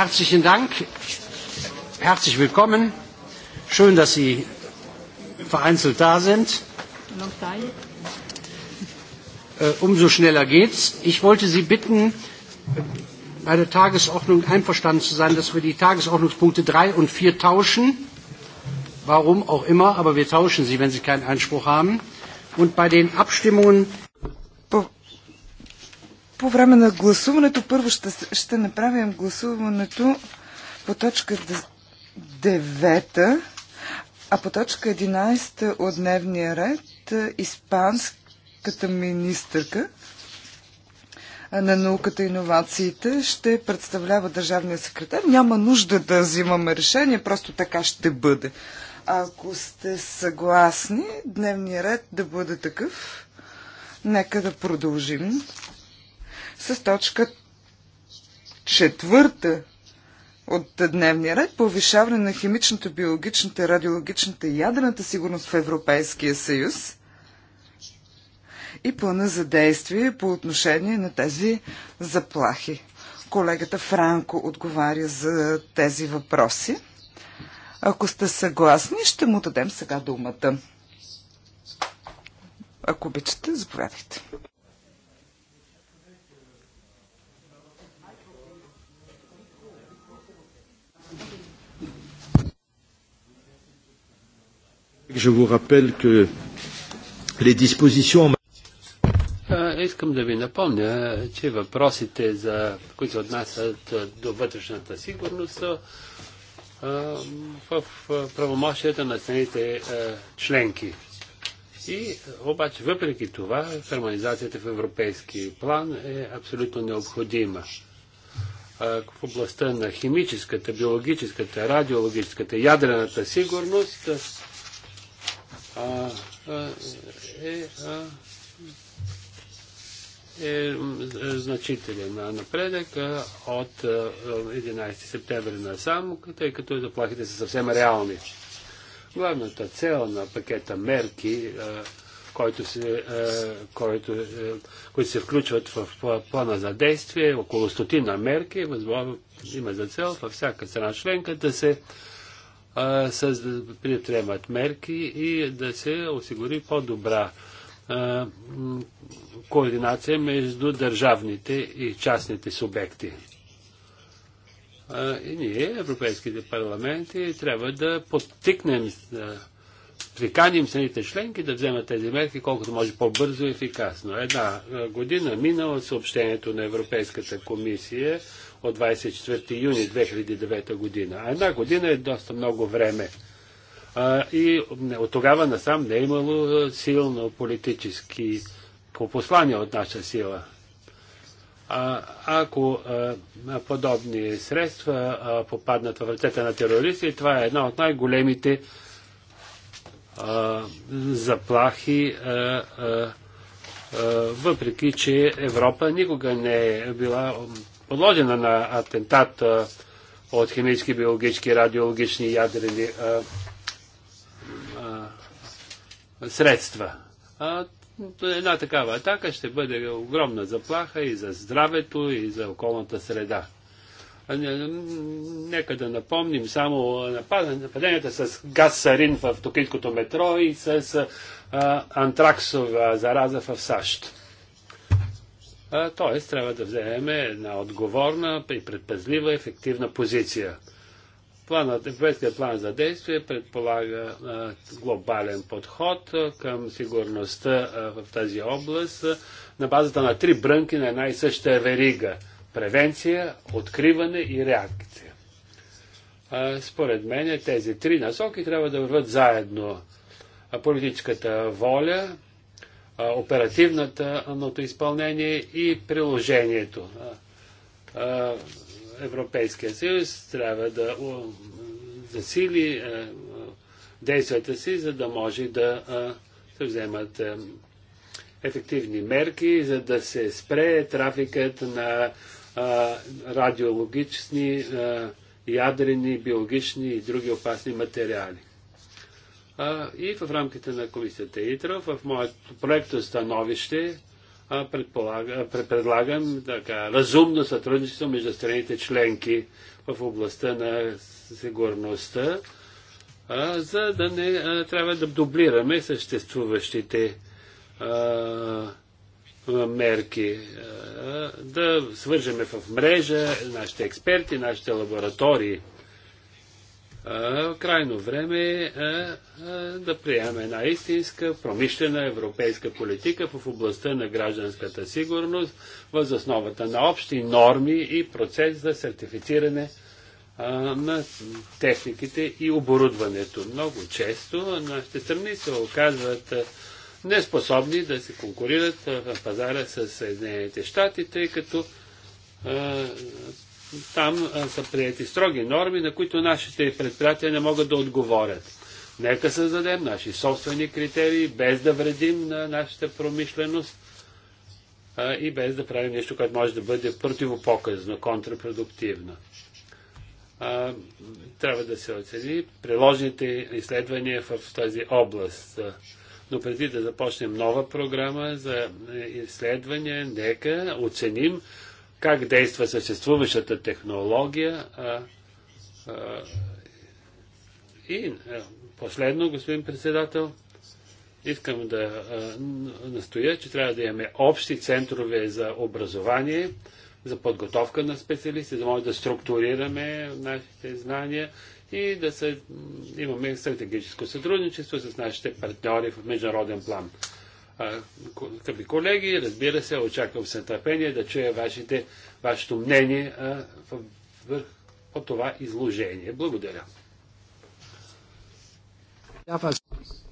Herzlichen Dank. Herzlich willkommen. Schön, dass Sie vereinzelt da sind. Umso schneller geht's. Ich wollte Sie bitten, bei der Tagesordnung einverstanden zu sein, dass wir die Tagesordnungspunkte 3 und 4 tauschen. Warum auch immer, aber wir tauschen sie, wenn Sie keinen Einspruch haben. Und bei den Abstimmungen по време на гласуването първо ще, ще направим гласуването по точка 9, а по точка 11 от дневния ред е, испанската министърка е, на науката и иновациите ще представлява държавния секретар. Няма нужда да взимаме решение, просто така ще бъде. Ако сте съгласни, дневния ред да бъде такъв, нека да продължим с точка четвърта от дневния ред повишаване на химичната, биологичната, радиологичната и ядрената сигурност в Европейския съюз и плана за действие по отношение на тези заплахи. Колегата Франко отговаря за тези въпроси. Ако сте съгласни, ще му дадем сега думата. Ако обичате, заповядайте. Je vous rappelle que les dispositions Искам да ви напомня, че въпросите, за, които отнасят до вътрешната сигурност, са в правомощията на страните членки. И обаче, въпреки това, хармонизацията в европейски план е абсолютно необходима. В областта на химическата, биологическата, радиологическата, ядрената сигурност е, а, е, е значителен напредък от 11 септември на сам, тъй като заплахите са съвсем реални. Главната цел на пакета мерки, който се, който, е, които се включват в плана за действие, около стотина мерки, има за цел във всяка страна членка да се с да предприемат мерки и да се осигури по-добра координация между държавните и частните субекти. А, и ние, европейските парламенти, трябва да подтикнем, да приканим самите членки да вземат тези мерки колкото може по-бързо и ефикасно. Една година минала съобщението на Европейската комисия от 24 юни 2009 година. А една година е доста много време. А, и от тогава насам не е имало силно политически послания от наша сила. А, ако а, подобни средства а, попаднат в ръцете на терористи, това е една от най-големите заплахи, а, а, въпреки че Европа никога не е била подложена на атентат от химически, биологически, радиологични и ядрени а, а, средства. А, една такава атака ще бъде огромна заплаха и за здравето, и за околната среда. А, нека да напомним само нападенията с газ сарин в токийското метро и с а, антраксова зараза в САЩ. Т.е. трябва да вземем една отговорна и предпазлива, ефективна позиция. Планът, европейският план за действие предполага а, глобален подход а, към сигурността а, в тази област а, на базата на три брънки на една и съща верига превенция, откриване и реакция. А, според мен тези три насоки трябва да върват заедно. А политическата воля, оперативното изпълнение и приложението. Европейския съюз трябва да засили действията си, за да може да се вземат ефективни мерки, за да се спре трафикът на радиологични, ядрени, биологични и други опасни материали. И в рамките на комисията ИТРО, в моето проекто е становище, предлагам така, разумно сътрудничество между страните членки в областта на сигурността, а, за да не а, трябва да дублираме съществуващите а, мерки, да свържеме в мрежа нашите експерти, нашите лаборатории крайно време е да приеме една истинска промишлена европейска политика в областта на гражданската сигурност, въз основата на общи норми и процес за сертифициране на техниките и оборудването. Много често нашите страни се оказват неспособни да се конкурират в пазара с Съединените щати, тъй като там са прияти строги норми, на които нашите предприятия не могат да отговорят. Нека създадем наши собствени критерии, без да вредим на нашата промишленост а, и без да правим нещо, което може да бъде противопоказно, контрапродуктивно. А, трябва да се оцени приложните изследвания в тази област. Но преди да започнем нова програма за изследвания, нека оценим как действа съществуващата технология. А, а, и а, е, последно, господин председател, искам да а, настоя, че трябва да имаме общи центрове за образование, за подготовка на специалисти, за да може да структурираме нашите знания и да се, имаме стратегическо сътрудничество с нашите партньори в международен план. Къпи колеги, разбира се, очаквам с нетърпение да чуя вашите, вашето мнение а, в, в, по това изложение. Благодаря.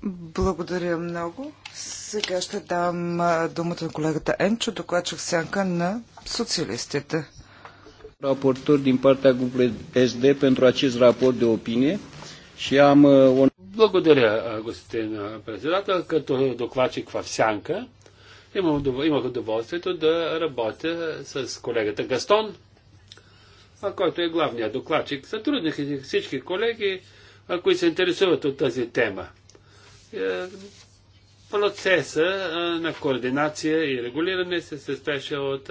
Благодаря много. Сега ще дам думата на колегата Енчо, докладчик сянка на социалистите. Raportor din partea grupului SD pentru acest raport de opinie și am благодаря, господин председател. Като докладчик в Сянка, имах удоволствието да работя с колегата Гастон, който е главният докладчик. Сътрудних всички колеги, които се интересуват от тази тема. Е, процеса на координация и регулиране се състоеше от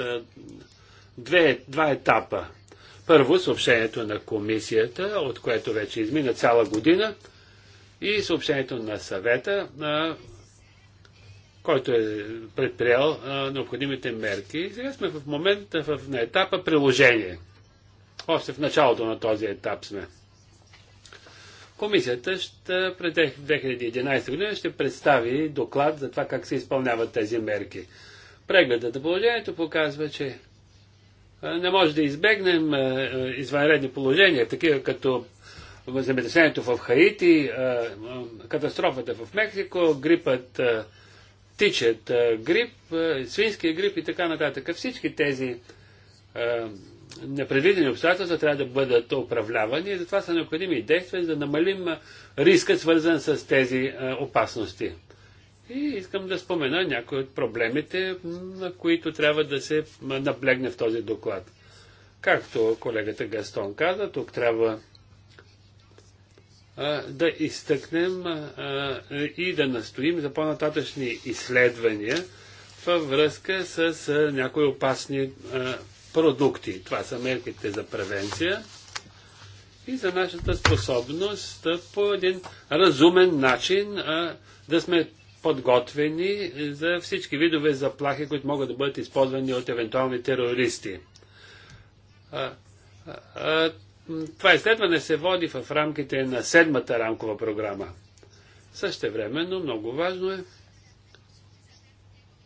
две, два етапа. Първо, съобщението на комисията, от което вече измина цяла година – и съобщението на съвета, а, който е предприел а, необходимите мерки. И сега сме в момента в, на етапа приложение. Още в началото на този етап сме. Комисията ще, през 2011 година ще представи доклад за това как се изпълняват тези мерки. Прегледът на положението показва, че не може да избегнем извънредни положения, такива като земетресението в Хаити, катастрофата в Мексико, грипът, тичет грип, свинския грип и така нататък. Всички тези непредвидени обстоятелства трябва да бъдат управлявани и затова са необходими и действия, за да намалим риска, свързан с тези опасности. И искам да спомена някои от проблемите, на които трябва да се наблегне в този доклад. Както колегата Гастон каза, тук трябва да изтъкнем и да настоим за по-нататъчни изследвания във връзка с някои опасни продукти. Това са мерките за превенция и за нашата способност по един разумен начин да сме подготвени за всички видове заплахи, които могат да бъдат използвани от евентуални терористи. Това изследване се води в рамките на седмата рамкова програма. Също времено много важно е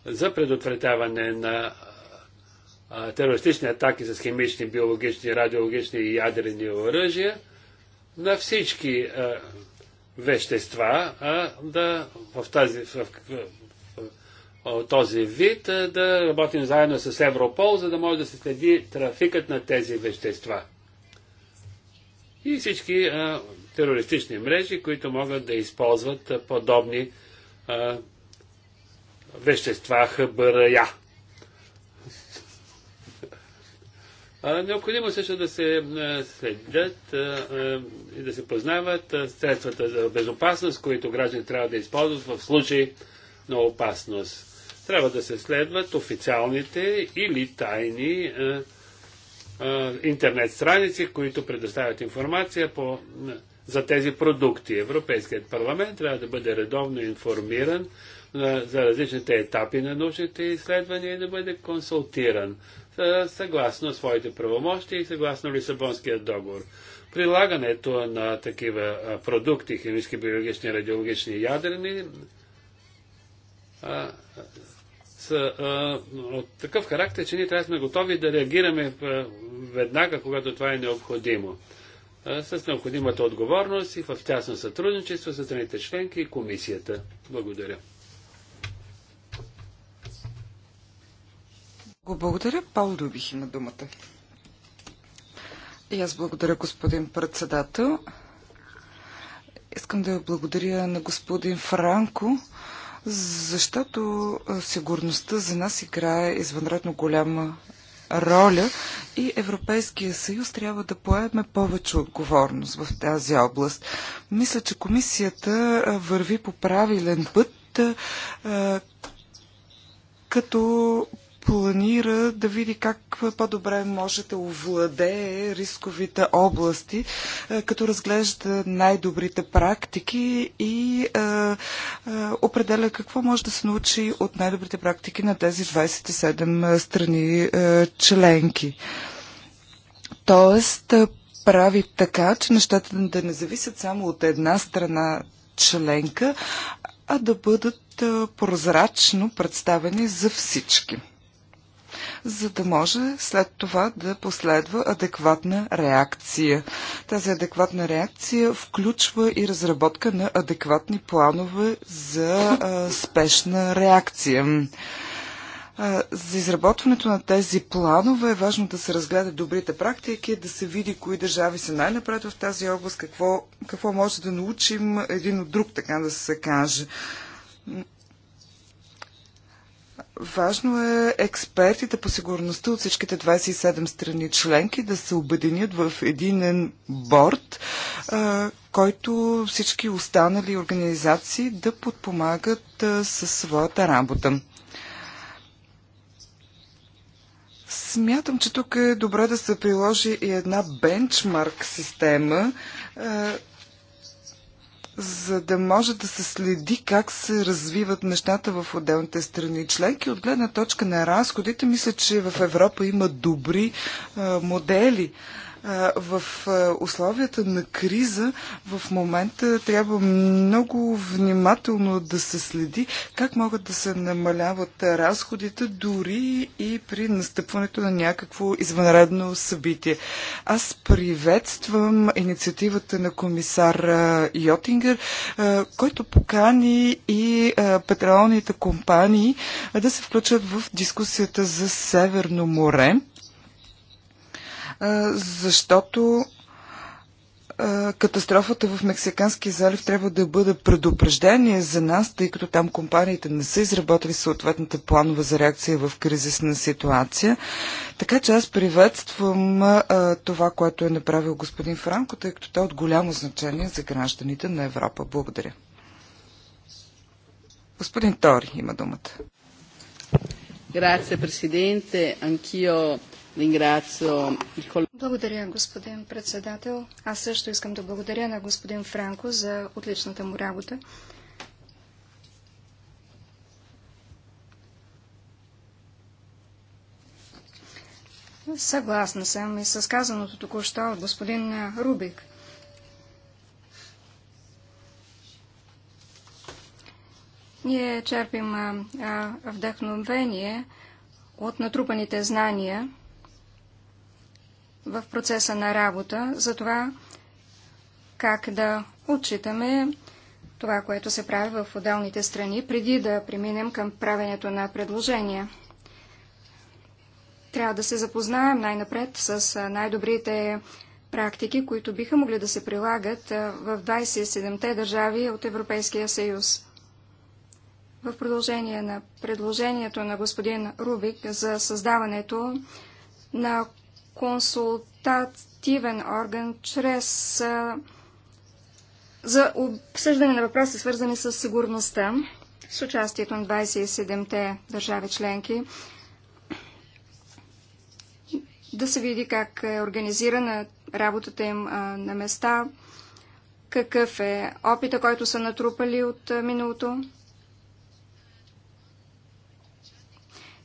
за предотвратяване на терористични атаки с химични, биологични, радиологични и ядрени оръжия на всички а, вещества а, да, в, тази, в, в, в този вид а, да работим заедно с Европол, за да може да се следи трафикът на тези вещества и всички а, терористични мрежи, които могат да използват а, подобни а, вещества ХБРЯ. Необходимо също да се следят и да се познават средствата за безопасност, които граждани трябва да използват в случай на опасност. Трябва да се следват официалните или тайни интернет страници, които предоставят информация по, за тези продукти. Европейският парламент трябва да бъде редовно информиран за различните етапи на научните изследвания и да бъде консултиран съгласно своите правомощи и съгласно Лисабонския договор. Прилагането на такива продукти, химически, биологични, радиологични ядрени, са а, от такъв характер, че ние трябва да сме готови да реагираме веднага, когато това е необходимо. А, с необходимата отговорност и в тясно сътрудничество с страните членки и комисията. Благодаря. Благодаря. Паул Дубих има думата. И аз благодаря, господин председател. Искам да благодаря на господин Франко защото сигурността за нас играе извънредно голяма роля и Европейския съюз трябва да поеме повече отговорност в тази област. Мисля, че комисията върви по правилен път, като планира да види как по-добре може да овладее рисковите области, е, като разглежда най-добрите практики и е, е, определя какво може да се научи от най-добрите практики на тези 27 страни членки. Тоест, прави така, че нещата да не зависят само от една страна членка, а да бъдат прозрачно представени за всички за да може след това да последва адекватна реакция. Тази адекватна реакция включва и разработка на адекватни планове за спешна реакция. За изработването на тези планове е важно да се разгледат добрите практики, да се види кои държави са най-напред в тази област, какво, какво може да научим един от друг, така да се каже. Важно е експертите по сигурността от всичките 27 страни членки да се обединят в единен борт, който всички останали организации да подпомагат със своята работа. Смятам, че тук е добре да се приложи и една бенчмарк система, за да може да се следи как се развиват нещата в отделните страни членки. От гледна точка на разходите, мисля, че в Европа има добри а, модели в условията на криза в момента трябва много внимателно да се следи как могат да се намаляват разходите дори и при настъпването на някакво извънредно събитие. Аз приветствам инициативата на комисар Йотингер, който покани и петролните компании да се включат в дискусията за Северно море защото катастрофата в Мексиканския залив трябва да бъде предупреждение за нас, тъй като там компаниите не са изработили съответната планова за реакция в кризисна ситуация. Така че аз приветствам а, това, което е направил господин Франко, тъй като той е от голямо значение за гражданите на Европа. Благодаря. Господин Тори има думата. Grazie Presidente, anch'io благодаря, господин председател. Аз също искам да благодаря на господин Франко за отличната му работа. Съгласна съм и с казаното току-що от господин Рубик. Ние черпим вдъхновение от натрупаните знания – в процеса на работа за това как да отчитаме това, което се прави в отделните страни, преди да преминем към правенето на предложения. Трябва да се запознаем най-напред с най-добрите практики, които биха могли да се прилагат в 27-те държави от Европейския съюз. В продължение на предложението на господин Рубик за създаването на консултативен орган чрез а, за обсъждане на въпроси, свързани с сигурността, с участието на 27-те държави членки, да се види как е организирана работата им а, на места, какъв е опита, който са натрупали от а, миналото.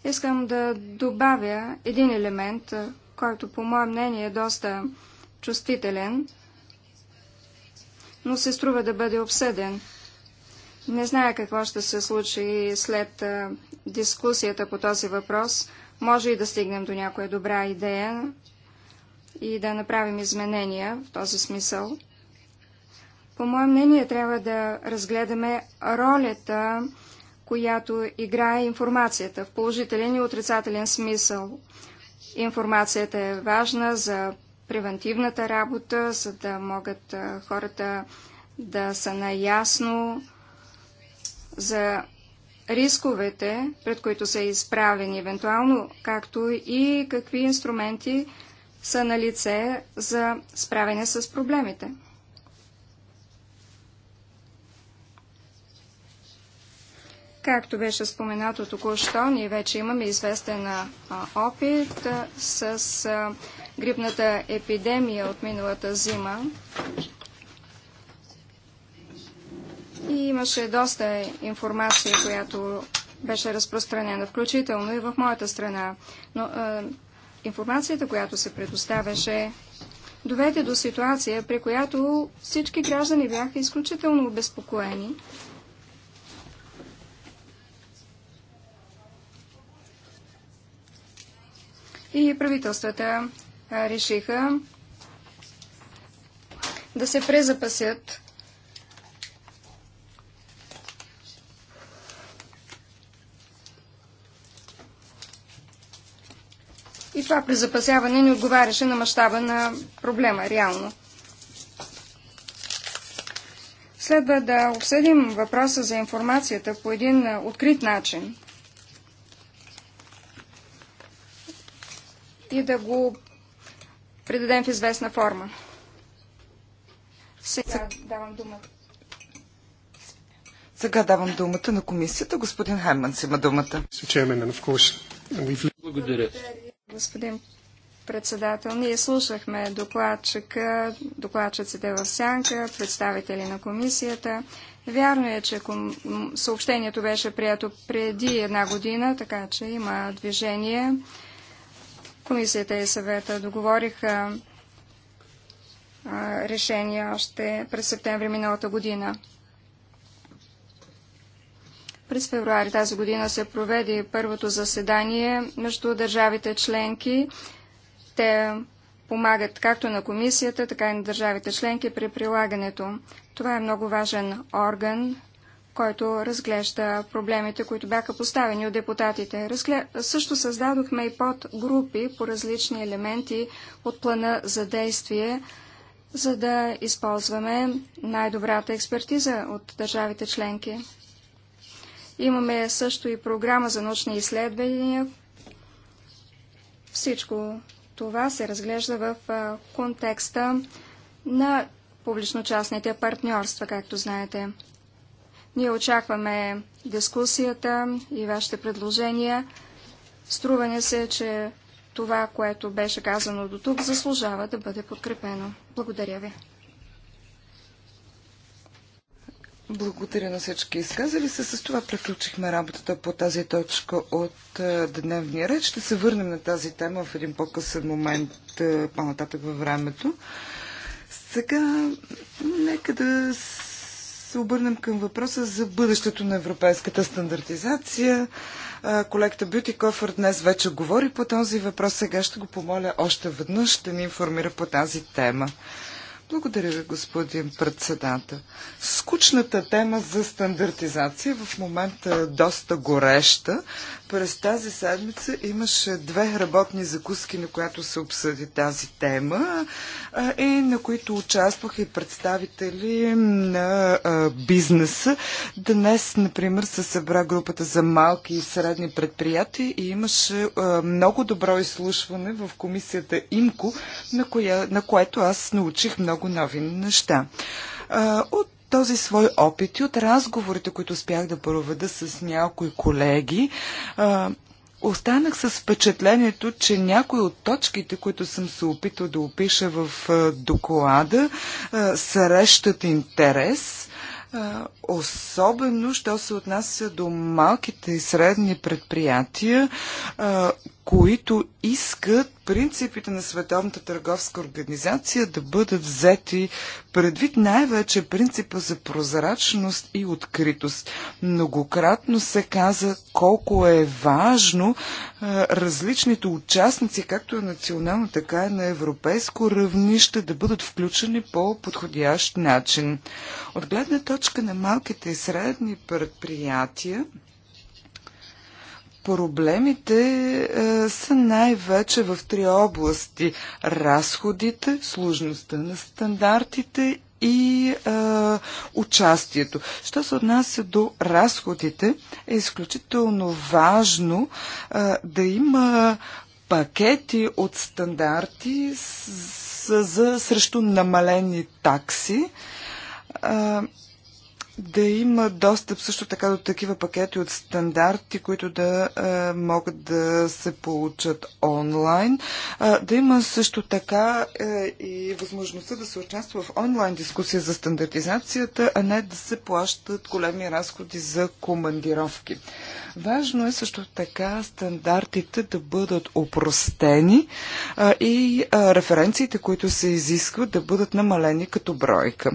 Искам да добавя един елемент, който по мое мнение е доста чувствителен, но се струва да бъде обсъден. Не зная какво ще се случи след а, дискусията по този въпрос. Може и да стигнем до някоя добра идея и да направим изменения в този смисъл. По мое мнение трябва да разгледаме ролята, която играе информацията в положителен и отрицателен смисъл. Информацията е важна за превентивната работа, за да могат хората да са наясно за рисковете, пред които са изправени евентуално, както и какви инструменти са на лице за справяне с проблемите. Както беше споменато току-що, ние вече имаме известен опит с грипната епидемия от миналата зима. И имаше доста информация, която беше разпространена, включително и в моята страна. Но е, информацията, която се предоставяше, доведе до ситуация, при която всички граждани бяха изключително обезпокоени – и правителствата решиха да се презапасят И това презапасяване не отговаряше на мащаба на проблема, реално. Следва да обсъдим въпроса за информацията по един открит начин. и да го предадем в известна форма. Сега давам думата. Сега давам думата на комисията. Господин Хайманс има думата. Благодаря. Господин председател, ние слушахме докладчика, докладчиците в сянка, представители на комисията. Вярно е, че съобщението беше прието преди една година, така че има движение. Комисията и съвета договориха решения решение още през септември миналата година. През февруари тази година се проведе първото заседание между държавите членки. Те помагат както на комисията, така и на държавите членки при прилагането. Това е много важен орган който разглежда проблемите, които бяха поставени от депутатите. Разгле... Също създадохме и подгрупи по различни елементи от плана за действие, за да използваме най-добрата експертиза от държавите членки. Имаме също и програма за научни изследвания. Всичко това се разглежда в контекста на публично-частните партньорства, както знаете. Ние очакваме дискусията и вашите предложения. Струване се, че това, което беше казано до тук, заслужава да бъде подкрепено. Благодаря ви. Благодаря на всички изказали се. С това приключихме работата по тази точка от е, дневния ред. Ще се върнем на тази тема в един по-късен момент е, по-нататък във времето. Сега нека да се обърнем към въпроса за бъдещето на европейската стандартизация. Колекта Кофър днес вече говори по този въпрос. Сега ще го помоля още веднъж, ще ни информира по тази тема. Благодаря ви, господин председател. Скучната тема за стандартизация в момента е доста гореща. През тази седмица имаше две работни закуски, на която се обсъди тази тема и на които участваха и представители на бизнеса. Днес, например, се събра групата за малки и средни предприятия и имаше много добро изслушване в комисията ИМКО, на, на което аз научих много много нови неща. От този свой опит и от разговорите, които успях да проведа с някои колеги, останах с впечатлението, че някои от точките, които съм се опитал да опиша в доклада, срещат интерес. Особено, що се отнася до малките и средни предприятия, които искат принципите на Световната търговска организация да бъдат взети предвид най-вече принципа за прозрачност и откритост. Многократно се каза колко е важно различните участници, както на национално, така и на европейско равнище, да бъдат включени по подходящ начин. От гледна точка на малките и средни предприятия, Проблемите а, е, са най-вече в три области – разходите, сложността на стандартите и а, е, участието. Що се отнася до разходите, е изключително важно а, е, да има пакети от стандарти с, за, срещу намалени такси. А, да има достъп също така до такива пакети от стандарти, които да е, могат да се получат онлайн. Е, да има също така е, и възможността да се участва в онлайн дискусия за стандартизацията, а не да се плащат големи разходи за командировки. Важно е също така стандартите да бъдат опростени е, и е, референциите, които се изискват, да бъдат намалени като бройка.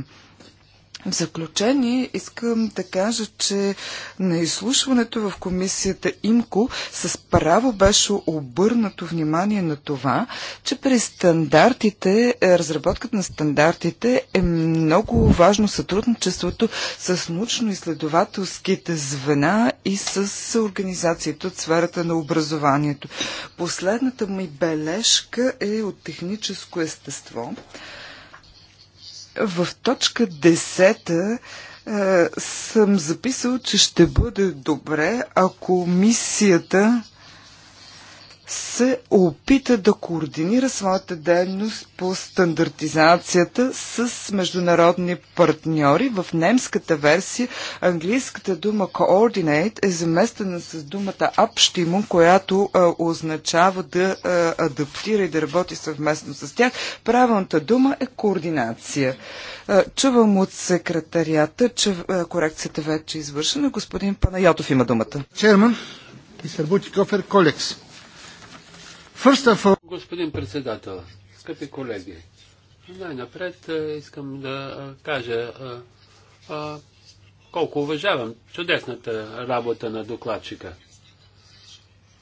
В заключение искам да кажа, че на изслушването в комисията ИМКО с право беше обърнато внимание на това, че при стандартите, е, разработката на стандартите е много важно сътрудничеството с научно-изследователските звена и с организацията от сферата на образованието. Последната ми бележка е от техническо естество. В точка 10 е, съм записал, че ще бъде добре, ако мисията се опита да координира своята дейност по стандартизацията с международни партньори. В немската версия английската дума coordinate е заместена с думата Abstimmung, която а, означава да а, адаптира и да работи съвместно с тях. Правилната дума е координация. А, чувам от секретарията, че а, корекцията вече е извършена. Господин Панайотов има думата. Черман, Мистер Колекс all... Господин председател, скъпи колеги, най-напред е, искам да е, кажа а, е, а, колко уважавам чудесната работа на докладчика.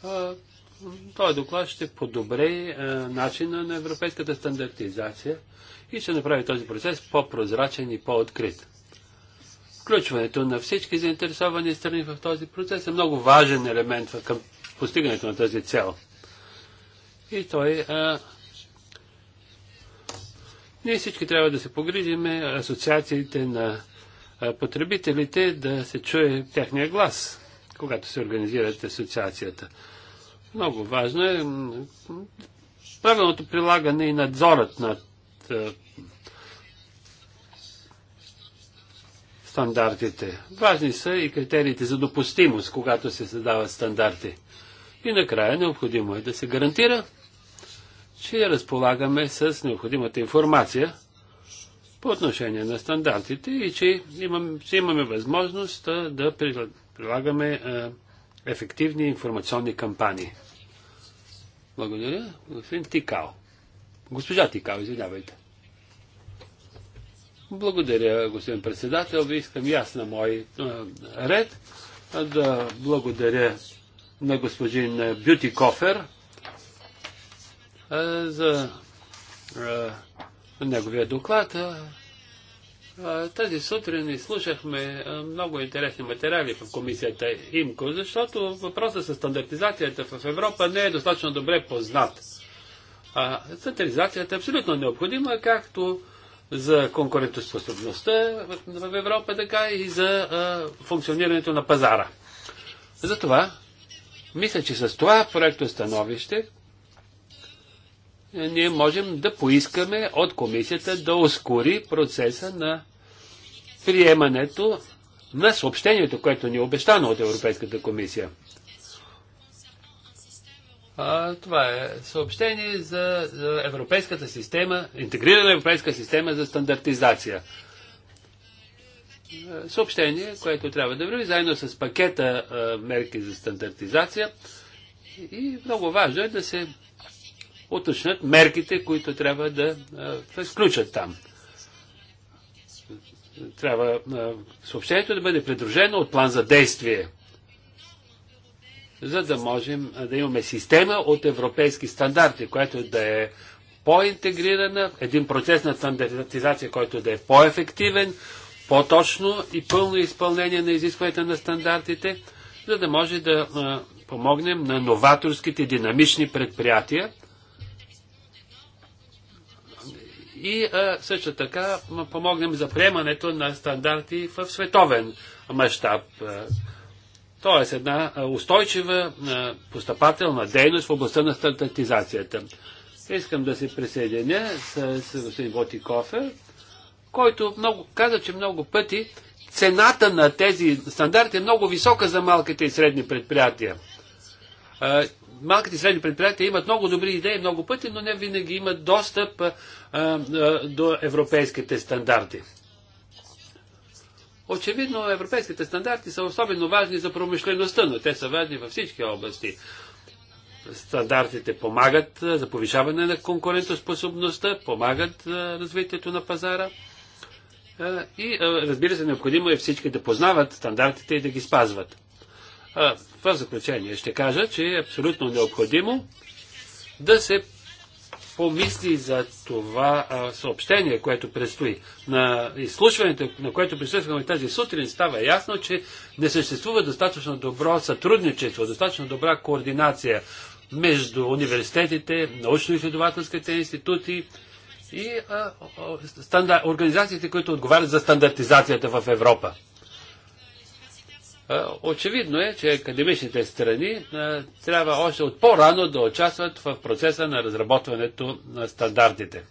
А, доклад ще подобре начина на европейската стандартизация и ще направи този процес по-прозрачен и по-открит. Включването на всички заинтересовани страни в този процес е много важен елемент към постигането на тази цел. И той. А, ние всички трябва да се погрижиме, асоциациите на потребителите да се чуе тяхния глас, когато се организират асоциацията. Много важно е правилното прилагане и надзорът над стандартите. Важни са и критериите за допустимост, когато се създават стандарти. И накрая необходимо е да се гарантира, че разполагаме с необходимата информация по отношение на стандартите и че имаме, че имаме възможност да прилагаме ефективни информационни кампании. Благодаря. Господин Тикао. Госпожа Тикао, извинявайте. Благодаря, господин председател. Ви искам ясно на мой а, ред да благодаря на господин Бюти Кофер за неговия доклад. Тази сутрин изслушахме много интересни материали в комисията ИМКО, защото въпросът с стандартизацията в Европа не е достатъчно добре познат. А, е абсолютно необходима, както за конкурентоспособността в Европа, така и за функционирането на пазара. Затова, мисля, че с това проекто становище ние можем да поискаме от комисията да ускори процеса на приемането на съобщението, което ни е обещано от Европейската комисия. А, това е съобщение за, за европейската система, интегрирана европейска система за стандартизация. Съобщение, което трябва да върви заедно с пакета а, мерки за стандартизация. И много важно е да се уточнят мерките, които трябва да се включат там. Трябва съобщението да бъде придружено от план за действие, за да можем да имаме система от европейски стандарти, която да е по-интегрирана, един процес на стандартизация, който да е по-ефективен, по-точно и пълно изпълнение на изискванията на стандартите, за да може да а, помогнем на новаторските динамични предприятия, и а, също така помогнем за приемането на стандарти в световен мащаб. Тоест една устойчива постъпателна дейност в областта на стандартизацията. Искам да се присъединя с, с господин Боти Кофер, който много, каза, че много пъти цената на тези стандарти е много висока за малките и средни предприятия малките и средни предприятия имат много добри идеи много пъти, но не винаги имат достъп а, а, до европейските стандарти. Очевидно, европейските стандарти са особено важни за промишлеността, но те са важни във всички области. Стандартите помагат за повишаване на конкурентоспособността, помагат за развитието на пазара. И, разбира се, необходимо е всички да познават стандартите и да ги спазват. В заключение ще кажа, че е абсолютно необходимо да се помисли за това а, съобщение, което предстои. На изслушването, на което присъствахме тази сутрин, става ясно, че не съществува достатъчно добро сътрудничество, достатъчно добра координация между университетите, научно-изследователските институти и а, стандар... организациите, които отговарят за стандартизацията в Европа. Очевидно е, че академичните страни трябва още от по-рано да участват в процеса на разработването на стандартите.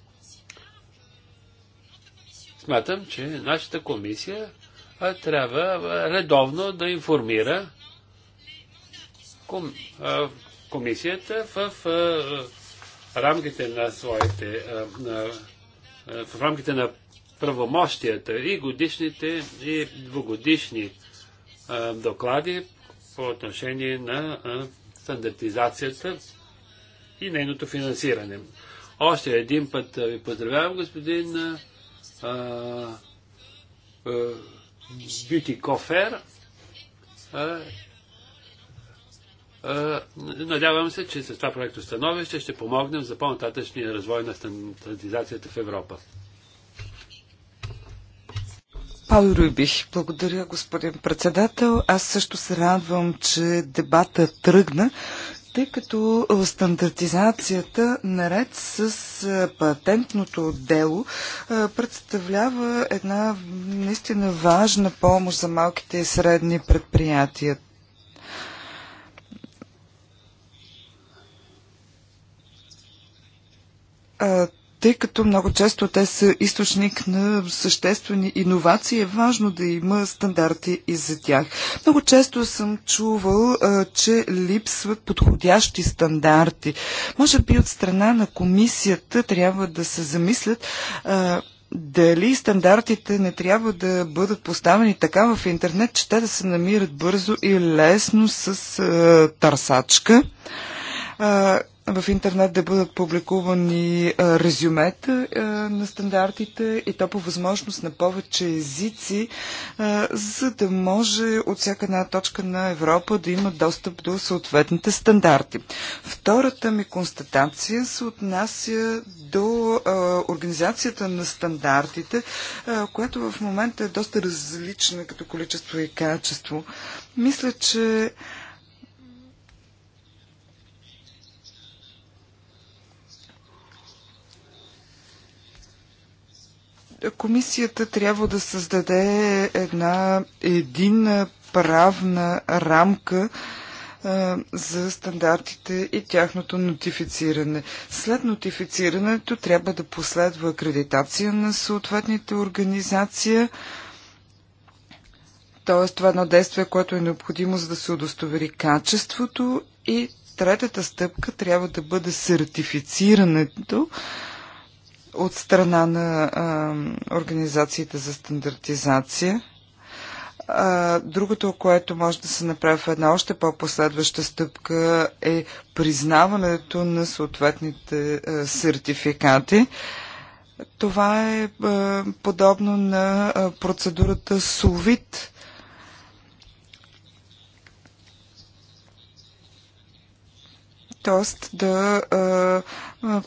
Смятам, че нашата комисия трябва редовно да информира комисията в рамките на своите, в рамките на правомощията и годишните, и двугодишни доклади по отношение на стандартизацията и нейното финансиране. Още един път ви поздравявам, господин Бюти Кофер. Надявам се, че с това проекто становище ще помогнем за по-нататъчния развой на стандартизацията в Европа. Пао Рубих, благодаря господин председател. Аз също се радвам, че дебата тръгна, тъй като стандартизацията наред с патентното дело представлява една наистина важна помощ за малките и средни предприятия тъй като много често те са източник на съществени иновации, е важно да има стандарти и за тях. Много често съм чувал, че липсват подходящи стандарти. Може би от страна на комисията трябва да се замислят дали стандартите не трябва да бъдат поставени така в интернет, че те да се намират бързо и лесно с търсачка в интернет да бъдат публикувани резюмета на стандартите и то по възможност на повече езици, за да може от всяка една точка на Европа да има достъп до съответните стандарти. Втората ми констатация се отнася до организацията на стандартите, която в момента е доста различна като количество и качество. Мисля, че Комисията трябва да създаде една единна правна рамка а, за стандартите и тяхното нотифициране. След нотифицирането трябва да последва акредитация на съответните организации, т.е. това е едно действие, което е необходимо за да се удостовери качеството и третата стъпка трябва да бъде сертифицирането, от страна на а, организациите за стандартизация. А, другото, което може да се направи в една още по-последваща стъпка е признаването на съответните а, сертификати. Това е а, подобно на а, процедурата СУВИТ тоест да а,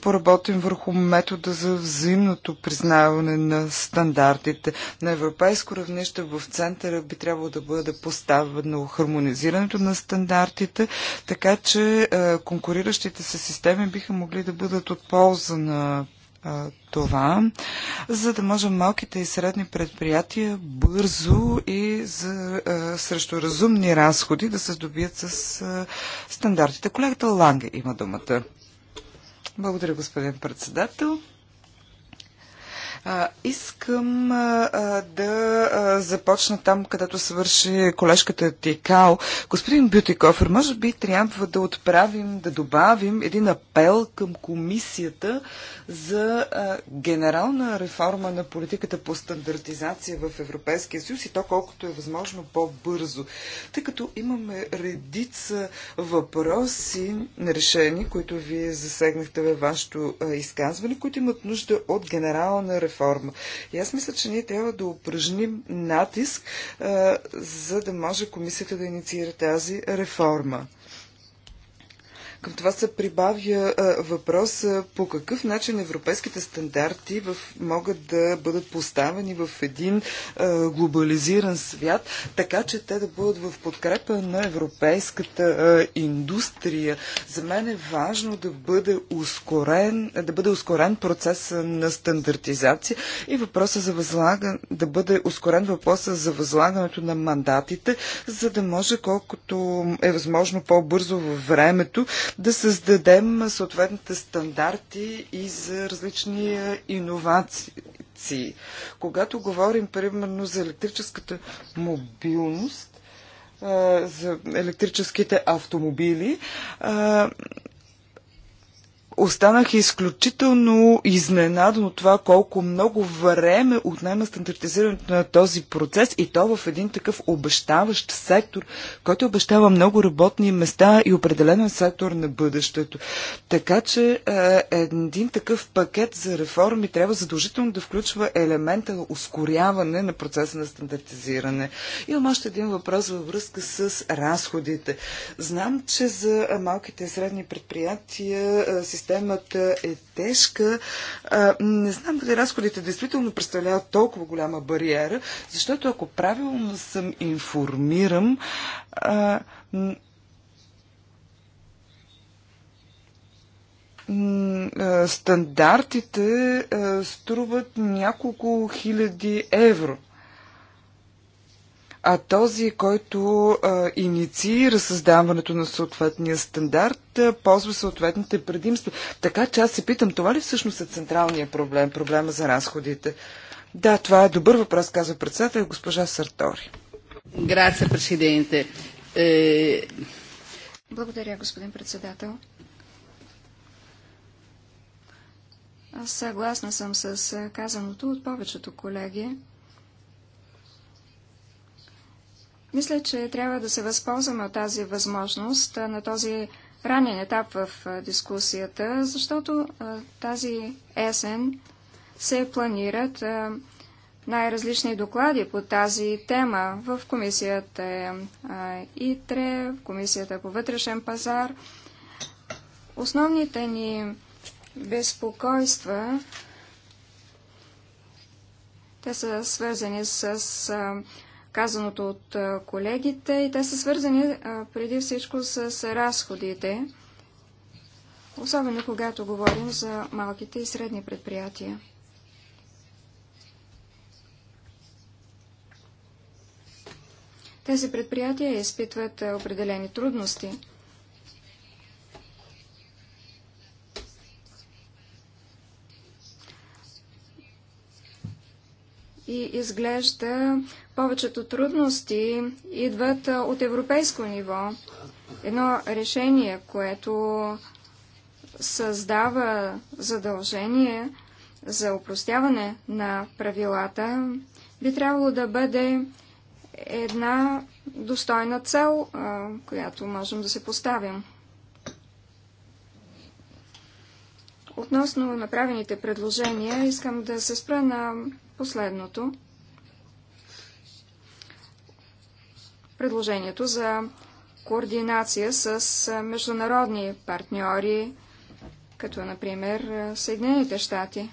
поработим върху метода за взаимното признаване на стандартите. На европейско равнище в центъра би трябвало да бъде поставено хармонизирането на стандартите, така че а, конкуриращите се системи биха могли да бъдат от полза на това, за да може малките и средни предприятия бързо и за, а, срещу разумни разходи да се здобият с а, стандартите. Колегата Ланге има думата. Благодаря, господин председател искам да започна там, където свърши колежката Тикао. Господин Бютикофер, може би трябва да отправим, да добавим един апел към комисията за генерална реформа на политиката по стандартизация в Европейския съюз и то колкото е възможно по-бързо. Тъй като имаме редица въпроси на решени, които вие засегнахте във вашето изказване, които имат нужда от генерална реформа реформа. И аз мисля, че ние трябва да упражним натиск, за да може комисията да инициира тази реформа. Към това се прибавя въпрос по какъв начин европейските стандарти в, могат да бъдат поставени в един глобализиран свят, така че те да бъдат в подкрепа на европейската индустрия. За мен е важно да бъде ускорен, да бъде ускорен процес на стандартизация и въпроса за възлаган, да бъде ускорен въпроса за възлагането на мандатите, за да може колкото е възможно по-бързо във времето да създадем съответните стандарти и за различни иновации. Когато говорим, примерно, за електрическата мобилност, за електрическите автомобили, Останах изключително изненадан от това колко много време отнема стандартизирането на този процес и то в един такъв обещаващ сектор, който обещава много работни места и определен сектор на бъдещето. Така че е, един такъв пакет за реформи трябва задължително да включва елемента на ускоряване на процеса на стандартизиране. Имам още един въпрос във връзка с разходите. Знам, че за малките и средни предприятия е, си системата е тежка. Не знам дали разходите действително представляват толкова голяма бариера, защото ако правилно съм информирам, стандартите струват няколко хиляди евро а този, който а, инициира създаването на съответния стандарт, а, ползва съответните предимства. Така че аз се питам, това ли всъщност е централният проблем, проблема за разходите? Да, това е добър въпрос, казва председател госпожа Сартори. Грация, президенте. Е... Благодаря, господин председател. Аз съгласна съм с казаното от повечето колеги. Мисля, че трябва да се възползваме от тази възможност на този ранен етап в дискусията, защото тази есен се планират най-различни доклади по тази тема в комисията е, ИТРЕ, в комисията по вътрешен пазар. Основните ни безпокойства, те са свързани с казаното от колегите и те са свързани преди всичко с разходите, особено когато говорим за малките и средни предприятия. Тези предприятия изпитват определени трудности – и изглежда повечето трудности идват от европейско ниво. Едно решение, което създава задължение за упростяване на правилата, би трябвало да бъде една достойна цел, която можем да се поставим. Относно направените предложения, искам да се спра на последното. Предложението за координация с международни партньори, като например Съединените щати.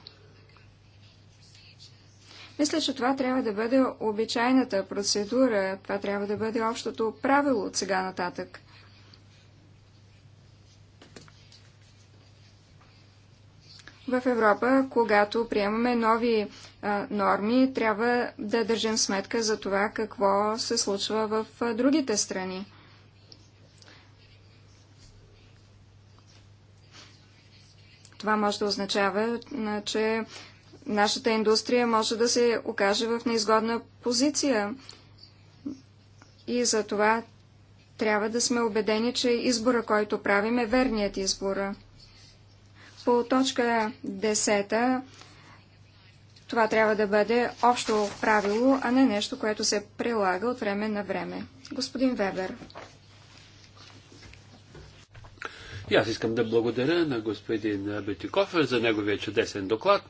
Мисля, че това трябва да бъде обичайната процедура, това трябва да бъде общото правило от сега нататък. в Европа, когато приемаме нови а, норми, трябва да държим сметка за това какво се случва в а, другите страни. Това може да означава, че нашата индустрия може да се окаже в неизгодна позиция. И за това трябва да сме убедени, че избора, който правим е верният избора. По точка 10 това трябва да бъде общо правило, а не нещо, което се прилага от време на време. Господин Вебер. И аз искам да благодаря на господин Бетиков за неговия чудесен доклад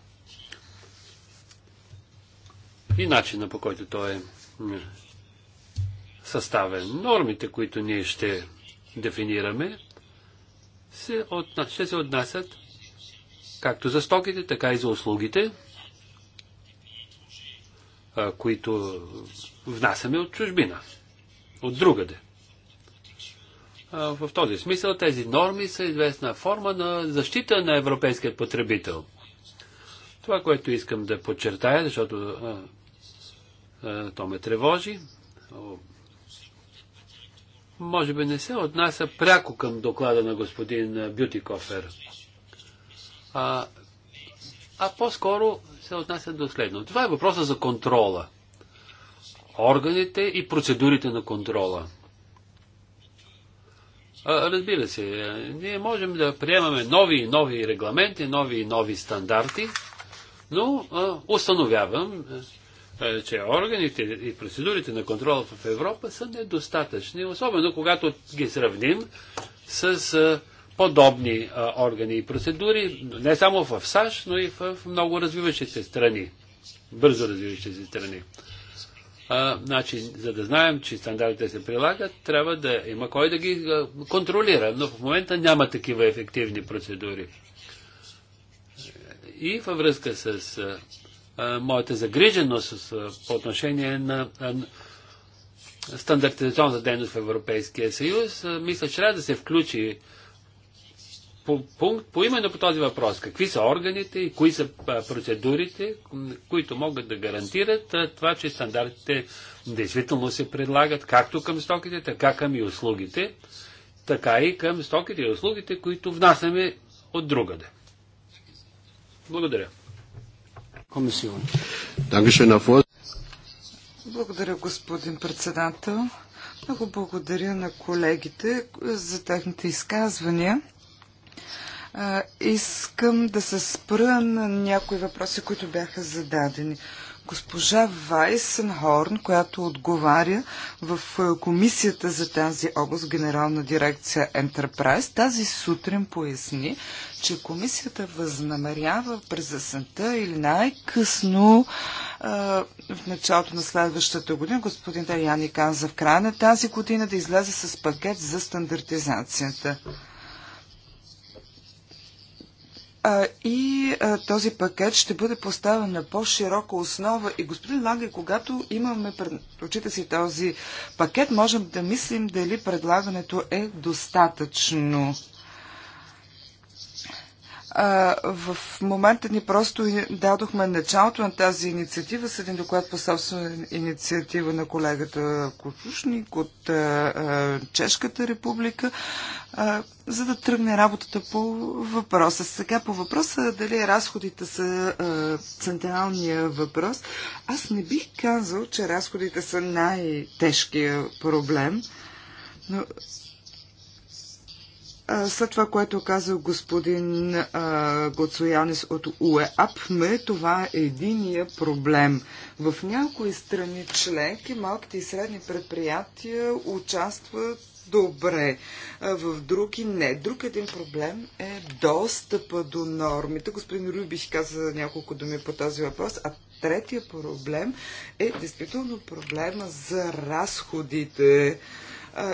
и начина по който той е съставен. Нормите, които ние ще дефинираме, се от... ще се отнасят както за стоките, така и за услугите, които внасяме от чужбина, от другаде. В този смисъл тези норми са известна форма на защита на европейския потребител. Това, което искам да подчертая, защото а, а, то ме тревожи, може би не се отнася пряко към доклада на господин Бютикофер а, а по-скоро се отнася до следно. Това е въпроса за контрола. Органите и процедурите на контрола. А, разбира се, ние можем да приемаме нови и нови регламенти, нови и нови стандарти, но а, установявам, а, че органите и процедурите на контрола в Европа са недостатъчни, особено когато ги сравним с подобни а, органи и процедури, не само в САЩ, но и в много развиващите страни, бързо развиващите се страни. А, значи, за да знаем, че стандартите се прилагат, трябва да има кой да ги контролира, но в момента няма такива ефективни процедури. И във връзка с а, моята загриженост с, по отношение на стандартизационната дейност в Европейския съюз, мисля, че трябва да се включи пункт по именно по този въпрос. Какви са органите и кои са процедурите, които могат да гарантират това, че стандартите действително се предлагат както към стоките, така към и услугите, така и към стоките и услугите, които внасяме от другаде. Благодаря. Комисион. Благодаря, господин председател. Много благодаря на колегите за техните изказвания. Искам да се спра на някои въпроси, които бяха зададени госпожа Вайсенхорн, която отговаря в комисията за тази област, генерална дирекция Enterprise, тази сутрин поясни, че комисията възнамерява през есента или най-късно в началото на следващата година, господин Таяни каза в края на тази година да излезе с пакет за стандартизацията и този пакет ще бъде поставен на по-широка основа. И господин Ланге, когато имаме пред очите си този пакет, можем да мислим дали предлагането е достатъчно в момента ни просто дадохме началото на тази инициатива с един доклад по собствена инициатива на колегата Кучушник от Чешката република, за да тръгне работата по въпроса. Сега по въпроса дали разходите са централния въпрос, аз не бих казал, че разходите са най-тежкия проблем, но след това, което каза господин Гоцоянис от УЕАПМЕ, това е единия проблем. В някои страни членки малките и средни предприятия участват добре, в други не. Друг един проблем е достъпа до нормите. Господин Рубиш каза няколко думи по този въпрос, а третия проблем е действително проблема за разходите.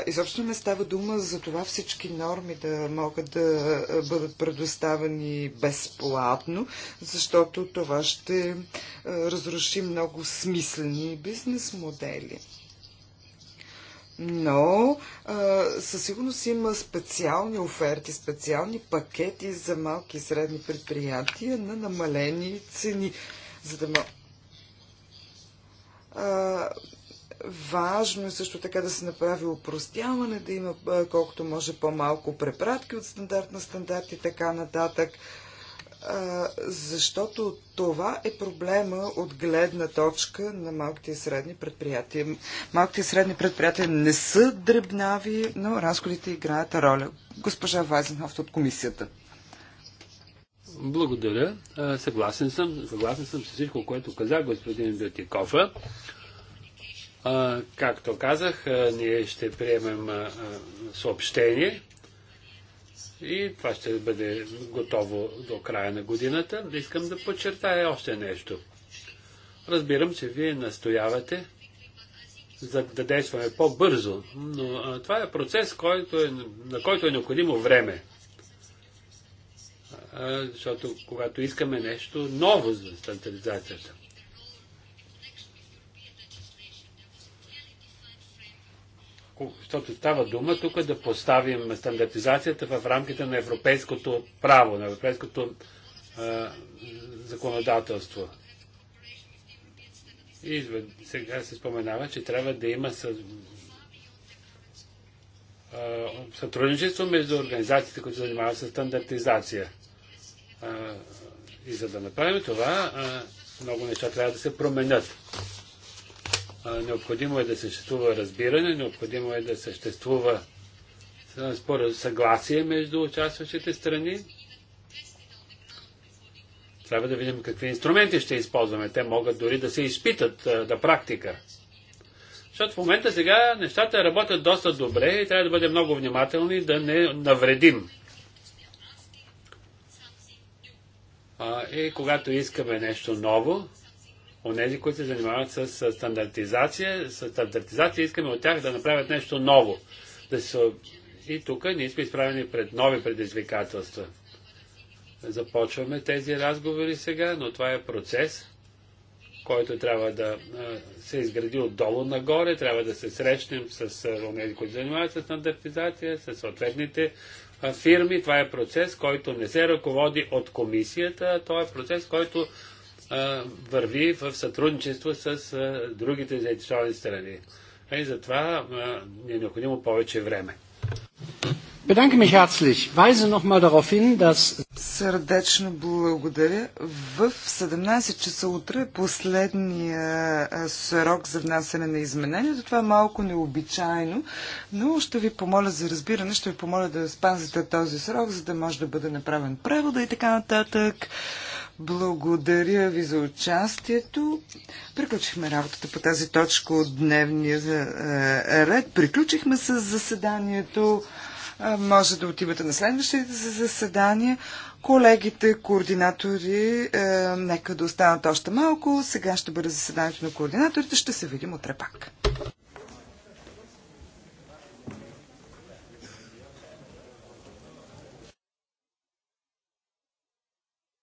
Изобщо не става дума за това всички норми да могат да бъдат предоставени безплатно, защото това ще разруши много смислени бизнес модели. Но със сигурност има специални оферти, специални пакети за малки и средни предприятия на намалени цени, за да а, Важно е също така да се направи упростяване, да има колкото може по-малко препратки от стандарт на стандарт и така нататък защото това е проблема от гледна точка на малките и средни предприятия. Малките и средни предприятия не са дребнави, но разходите играят роля. Госпожа Вайзенхофт от комисията. Благодаря. Съгласен съм. Съгласен съм с всичко, което каза господин Бетикофа както казах, ние ще приемем съобщение и това ще бъде готово до края на годината. Искам да подчертая още нещо. Разбирам, че вие настоявате за да действаме по-бързо, но това е процес, който е, на който е необходимо време. защото когато искаме нещо ново за стандартизацията, защото става дума тук да поставим стандартизацията в рамките на европейското право, на европейското а, законодателство. И сега се споменава, че трябва да има съ... а, сътрудничество между организациите, които занимават с стандартизация. А, и за да направим това, много неща трябва да се променят. Необходимо е да съществува разбиране, необходимо е да съществува според съгласие между участващите страни. Трябва да видим какви инструменти ще използваме. Те могат дори да се изпитат да практика. Защото в момента сега нещата работят доста добре и трябва да бъдем много внимателни да не навредим. А, и когато искаме нещо ново, онези, които се занимават с стандартизация. С стандартизация искаме от тях да направят нещо ново. Да се... И тук ние сме изправени пред нови предизвикателства. Започваме тези разговори сега, но това е процес, който трябва да се изгради отдолу нагоре. Трябва да се срещнем с онези, които занимават с стандартизация, с съответните фирми. Това е процес, който не се ръководи от комисията, а това е процес, който върви в сътрудничество с другите заинтересовани страни. Е, и затова ни е необходимо повече време. Bedanke mich herzlich. Weise noch mal darauf hin, dass Сърдечно благодаря. В 17 часа утре е последния срок за внасяне на изменението. Това е малко необичайно, но ще ви помоля за разбиране, ще ви помоля да спазите този срок, за да може да бъде направен превода и така нататък. Благодаря ви за участието. Приключихме работата по тази точка от дневния е, ред. Приключихме с заседанието. Е, може да отивате на следващите заседания. Колегите, координатори, е, нека да останат още малко. Сега ще бъде заседанието на координаторите. Ще се видим утре пак.